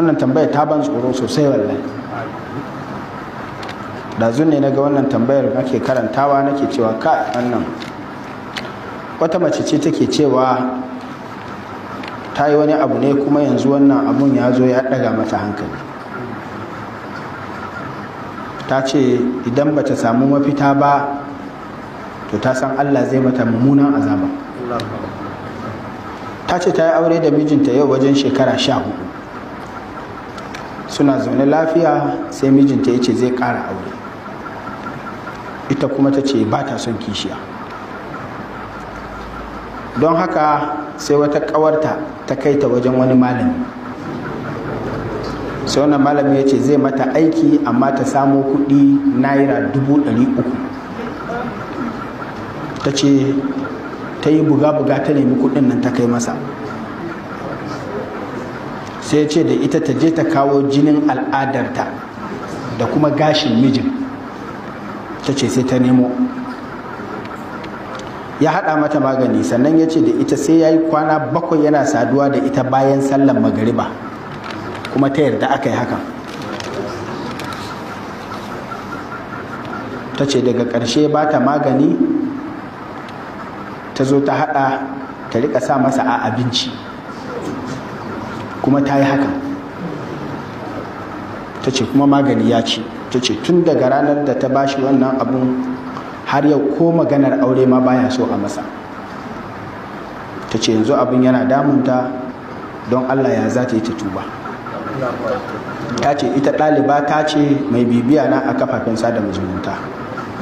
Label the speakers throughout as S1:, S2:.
S1: wannan tambayar ta ban tsoro sosai wallahi da ne na wannan tambayar nake karantawa nake cewa ka wannan wata mace ce take cewa ta yi wani abu ne kuma yanzu wannan abun ya zo ya ɗaga mata hankali ta ce idan ba ta samu mafita ba to ta san allah zai mata mummunan azaba ta ce ta yi aure da mijinta yau wajen shekara sha hudu suna zaune lafiya sai mijinta ya ce zai ƙara aure ita kuma ta ce ba ta son kishiya don haka sai wata ƙawarta ta kai ta wajen wani malami sai wannan malami ya ce zai mata aiki amma ta samo kuɗi naira dubu ɗari uku ta ce ta yi buga-buga ta nemi kuɗin nan ta kai masa sai ce da ita ta je ta kawo jinin al'adarta da kuma gashin mijin ta ce sai ta nemo ya haɗa mata magani sannan ya ce da ita sai ya yi kwana bakwai yana saduwa da ita bayan sallan magariba kuma ta yarda aka yi hakan ta ce daga ƙarshe ba ta magani ta zo ta haɗa ta rika sa masa a abinci kuma ta yi hakan ta ce kuma magani ya ce ta ce tun daga ranar da ta bashi wannan abun har yau ko maganar aure ma baya so a masa ta ce yanzu abin yana damunta don allah ya za ta yi ta tuba ta ce ita ɗaliba ta ce mai bibiya na a kafafen sada zumunta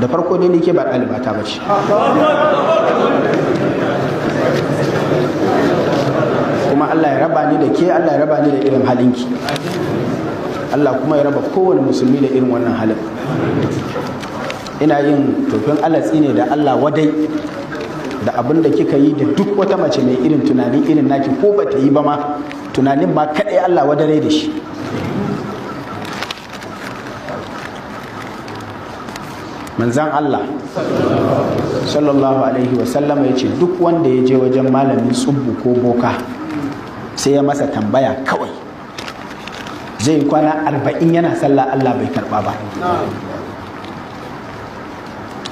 S1: da farko dai ne ke ba ɗaliba ta bace Allah ya raba ni da ke Allah ya raba ni da irin halinki Allah kuma ya raba kowane musulmi da irin wannan halin ina yin tofin alatsi ne da Allah wadai da abin da kika yi da duk wata mace mai irin tunani irin naki ko ba ta yi ba ma tunanin ba kaɗai Allah wadare da shi manzan Allah sallallahu alaihi wasallama ya ce duk wanda ya je wajen malamin tsubbu ko boka sai ya masa tambaya kawai zai kwana arba'in yana sallah Allah bai karba ba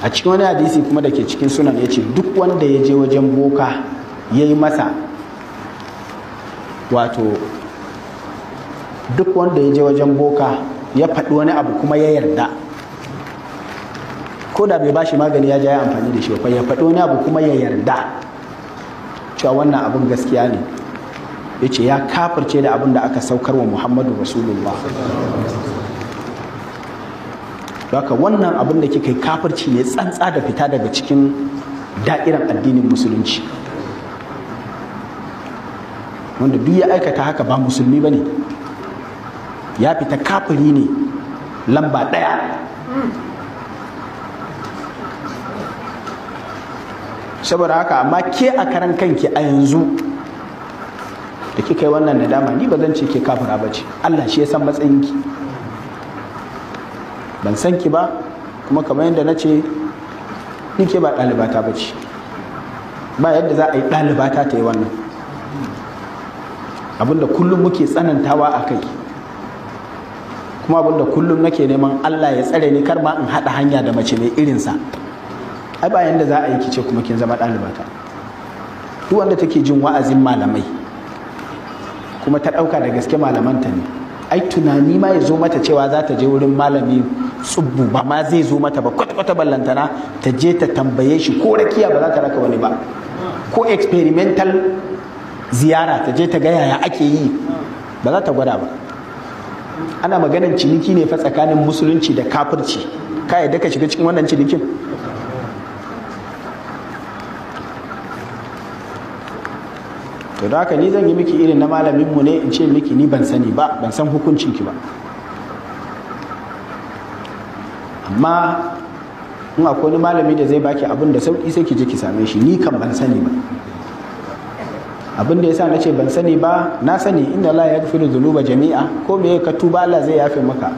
S1: a cikin wani hadisi kuma da ke cikin sunan ya ce duk wanda ya je wajen boka ya yi masa wato duk wanda ya je wajen boka ya faɗi wani abu kuma ya yarda ko da bai bashi magani ya ja ya amfani da shi ya faɗi wani abu kuma ya yarda cewa wannan abun gaskiya ne ya ce ya kafirce da abin da aka saukar wa muhammadu rasulullah ka wannan abin da kika yi kafirci ne tsantsa da fita daga cikin da'irar addinin musulunci wanda duk ya aikata haka ba musulmi ba ne ya fita kafiri ne lamba ɗaya saboda haka amma ke a karan kanki a yanzu da kika yi wannan nadama ni ba zan ce ke kafira ba ce Allah shi ya san matsayinki ban san ki ba kuma kamar yadda na ce ni ke ba ɗalibata ba ce ba yadda za a yi ɗalibata ta yi wannan abinda kullum muke tsanantawa a kai kuma abinda kullum nake neman Allah ya tsare ni kar ma in haɗa hanya da mace mai irinsa ai ba yadda za a yi kice kuma kin zama ɗalibata duk wanda take jin wa'azin malamai kuma ta ɗauka da gaske malamanta ne ai tunani ma ya zo mata cewa za ta je wurin malami tsubbu ba ma zai zo mata ba kwata-kwata ballantana ta je ta tambaye shi ko rakiya ba za ta raka wani ba ko experimental ziyara ta je ta ga yaya ake yi ba za ta gwada ba ana maganin ciniki ne fa tsakanin musulunci da kafirci ka yadda ka shiga cikin wannan cinikin to da haka ni zan yi miki irin na malamin mu ne in ce miki ni ban sani ba ban san hukuncin ki ba amma in akwai wani malami da zai baki abin da sauki sai ki je ki same shi ni kan ban sani ba abin da yasa na ce ban sani ba na sani inda Allah ya gafiru zunuba jami'a ko me ka tuba Allah zai yafe maka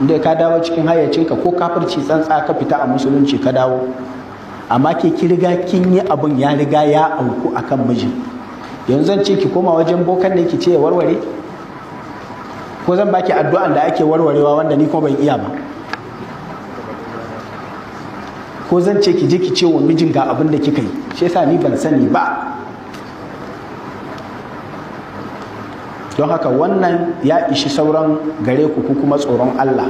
S1: inda ka dawo cikin hayyacin ka ko kafirci tsantsa ka fita a musulunci ka dawo amma ke ki riga kin yi abun ya riga ya auku akan mijin yanzu ce ki koma wajen bokan ne ki ce ya warware ko zan baki addu'an da ake warwarewa wanda ni ko ban iya ba ko zan ce ki je ki ce wa mijin ga abin da kika yi shi yasa ni ban sani ba don haka wannan ya ishi sauran gare ku ku kuma tsoron Allah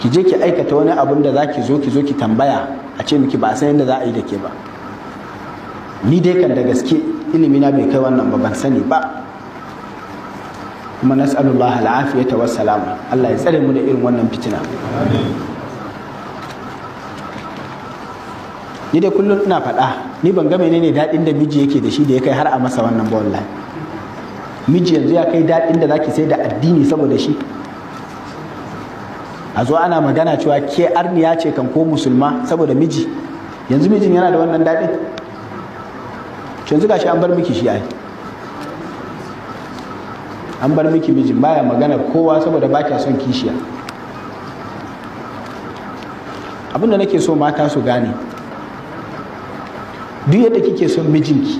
S1: ki je ki aikata wani abin da zaki zo ki zo ki tambaya a ce miki ba san yadda za a yi da ke ba ni dai kan da gaske ilimi na bai kai wannan ba ban sani ba kuma nas'alullah al'afiyata was salama Allah ya tsare mu da irin wannan fitina ni dai kullum ina faɗa ni ban ga menene daɗin da miji yake da shi da ya kai har a masa wannan ba wallahi miji yanzu ya kai daɗin da zaki sai da addini saboda shi a zo ana magana cewa ke arniya ce kan ko musulma saboda miji yanzu mijin yana da wannan daɗin yanzu gashi an bar miki shi ai an bar miki mijin baya magana kowa saboda ba kya son kishiya abinda nake so mata su gane duk yadda kike son mijinki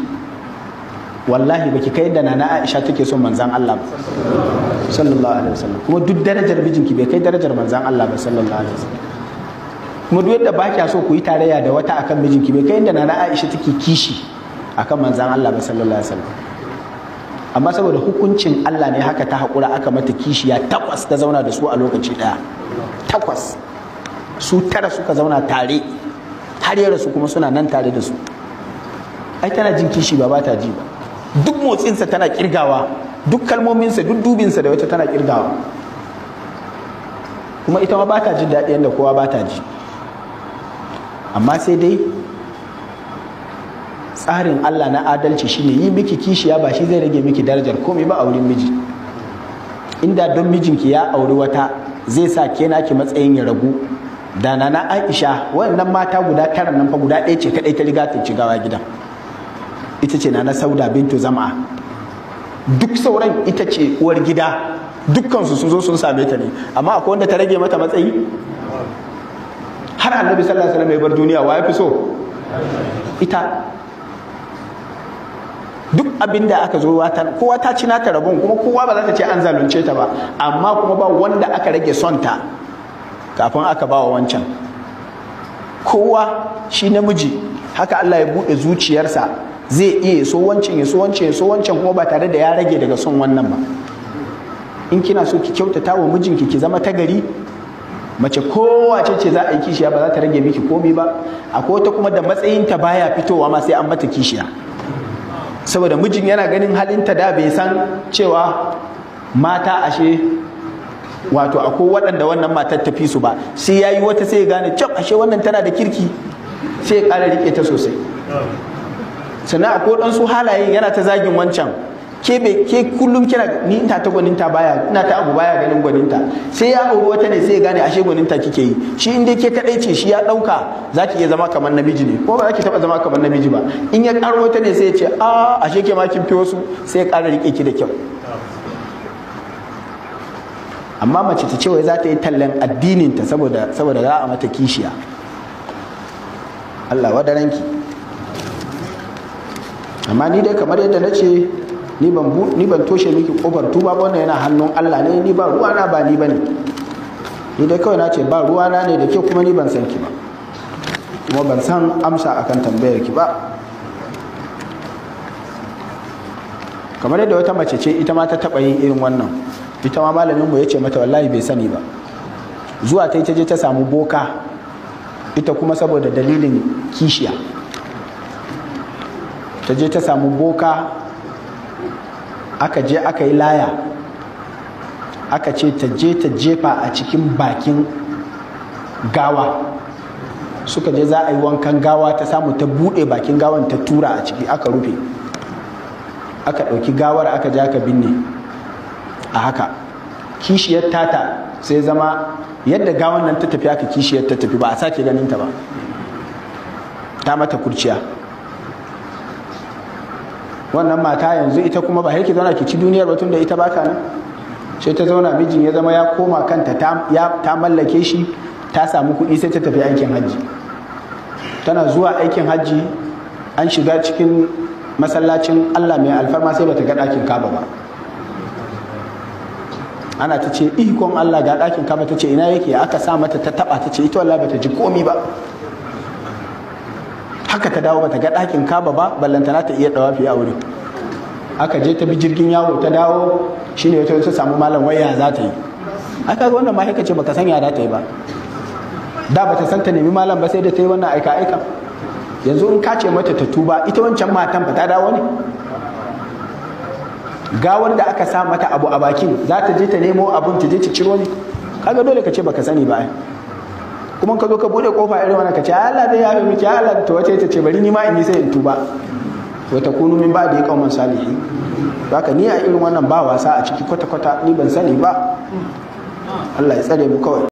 S1: wallahi baki kai da nana Aisha take son manzan Allah ba sallallahu alaihi wasallam kuma duk darajar mijinki bai kai darajar manzan Allah ba sallallahu alaihi wasallam kuma duk yadda ba kya so ku yi tarayya da wata akan mijinki bai kai da nana Aisha take kishi akan manzan Allah ba sallallahu alaihi wasallam amma saboda hukuncin Allah ne haka ta haƙura aka mata kishiya takwas ta zauna da su a lokaci ɗaya takwas su tara suka zauna tare har ya rasu kuma suna nan tare da su ai tana jin kishi ba ba ta ji ba duk motsinsa tana kirgawa duk kalmominsa duk dubinsa da wata tana kirgawa kuma ita ma ba ta jin daɗi yadda kowa ba ta ji amma sai dai tsarin Allah na adalci shi ne yi miki kishiya ba shi zai rage miki darajar komai ba a wurin miji inda don mijinki ya auri wata zai sa ke naki matsayin ya ragu da na Aisha wannan mata guda tara nan fa guda ɗaya ce kadai ta riga ta cigawa gida. ita ce na na Sauda bintu Zama. duk sauran ita ce uwar gida dukkansu sun zo sun same ta ne amma akwai wanda ta rage mata matsayi har annabi sallallahu alaihi wasallam ya bar duniya wa ya fi so ita duk abin da aka zo kowa ta ci nata rabon kuma kowa ba za ta ce an zalunce ta ba amma kuma ba wanda aka rage son ta kafin aka ba wa wancan kowa shi namiji haka Allah ya buɗe zuciyarsa zai iya so wancan ya so wancan ya so wancan kuma ba tare da ya rage daga son wannan ba in kina so ki kyautata wa mijinki ki zama ta gari mace kowace ce za a yi kishiya ba za ta rage miki komi ba akwai wata kuma da matsayinta baya fitowa ma sai an mata kishiya saboda mijin yana ganin halinta da bai san cewa mata ashe wato akwai waɗanda wannan matar tafi su ba sai ya yi wata sai ya gane cap ashe wannan tana da kirki sai ya ƙara rike ta sosai sannan akwai ɗansu halaye yana ta zagin wancan ke be ke kullum kira ni ina ta gwaninta baya ina ta abu baya ganin gwaninta sai ya aure wata ne sai ya gane ashe gwaninta kike yi shi inda ke kadai ce shi ya dauka zaki iya zama kamar namiji ne ko ba zaki taba zama kamar namiji ba in ya karo wata ne sai ya ce a ashe ke ma kin fi wasu sai ya kara rike ki da kyau amma mace ta ce wai za ta yi tallan addinin ta saboda saboda za a mata kishiya Allah wadaranki amma ni dai kamar yadda na ce ni ban toshe miki kofar tuba ba wannan yana hannun Allah ne ni ba ruwa na ba ni bane ni dai kawai na ce ba ruwa ne da ke kuma ni ban san ki ba kuma ban san amsa akan tambayar ki ba kamar yadda wata mace ce ita ma ta taba yin irin wannan ita ma malamin mu ce mata wallahi bai sani ba zuwa ta je ta samu boka ita kuma saboda dalilin kishiya ta je ta samu boka aka je aka yi laya aka ce ta je ta jefa a cikin bakin gawa suka je za a yi wankan gawa ta samu ta buɗe bakin gawan ta tura a ciki aka rufe aka ɗauki gawar aka je aka binne a haka kishiyar tata sai zama yadda gawan nan ta tafi aka kishiyar ta tafi ba a sake ganin ta ba ta mata kurciya wannan mata yanzu ita kuma ba haiki zauna ki ci duniyar ba tunda ita baka nan sai ta zauna mijin ya zama ya koma kanta ta mallake shi ta samu kuɗi sai ta tafi aikin hajji tana zuwa aikin hajji an shiga cikin masallacin Allah mai alfarma sai bata ga ɗakin kaba ba ana ta ce ikon Allah ga ɗakin kaba ta ce ina yake aka sa mata ta taba ta ce ita wallahi bata ji komi ba haka ta dawo bata ga ɗakin kaba ba ballantana ta iya dawafi a wurin aka je ta bi jirgin yawo ta dawo shine wata ta samu malam waya za ta yi aka ga wannan ma'aika ce baka san ya ta yi ba da bata san ta nemi malam ba sai da ta yi wannan aika aika yanzu in ka ce mata ta tuba ita wancan matan ba ta dawo ne Ga wanda aka sa mata abu a bakin za ta je ta nemo abun ta je ta ciro ne kaga dole ka ce baka sani ba kuma ka zo ka bude kofa irin wannan ka ce Allah dai ya ki Allah to wace ta ce bari ni ma in yi sai in tuba wa takunu min ba'di qauman salihin haka ni a irin wannan ba wasa a ciki kwata kwata ni ban sani ba Allah ya tsare mu kawai